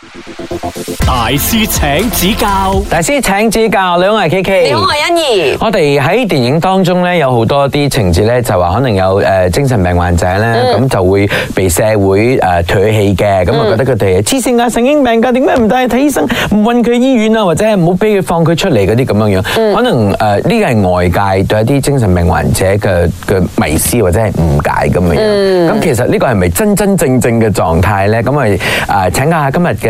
大師，大師請指教，大師請指教。兩位 K K，兩位欣怡，我哋喺電影當中咧，有好多啲情節咧，就話可能有誒精神病患者咧，咁就會被社會誒唾棄嘅，咁啊、嗯、覺得佢哋黐線啊神經病噶，點解唔帶去睇醫生，唔韞佢醫院啊，或者係唔好俾佢放佢出嚟嗰啲咁樣樣。可能誒呢個係外界對一啲精神病患者嘅嘅迷思或者係誤解咁樣樣。咁、嗯、其實呢個係咪真真正正嘅狀態咧？咁啊誒，請教下今日嘅。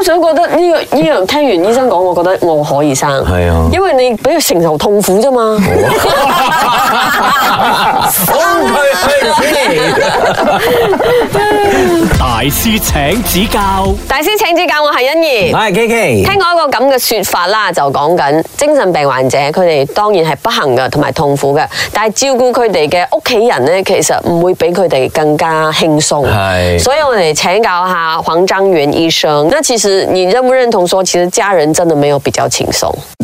我想覺得呢個呢樣聽完醫生講，我覺得我可以生。係啊，因為你俾佢承受痛苦啫嘛。哈哈大師請指教，大師請指教，我係欣怡，我是 Kiki。聽過一個咁嘅說法啦，就講緊精神病患者，他們當然是不幸的同埋痛苦的，但係照顧他們的家人其實不會比他們更加輕鬆。是所以我哋請教一下黃章元醫生。那其實你認不認同說，其實家人真的沒有比較輕鬆？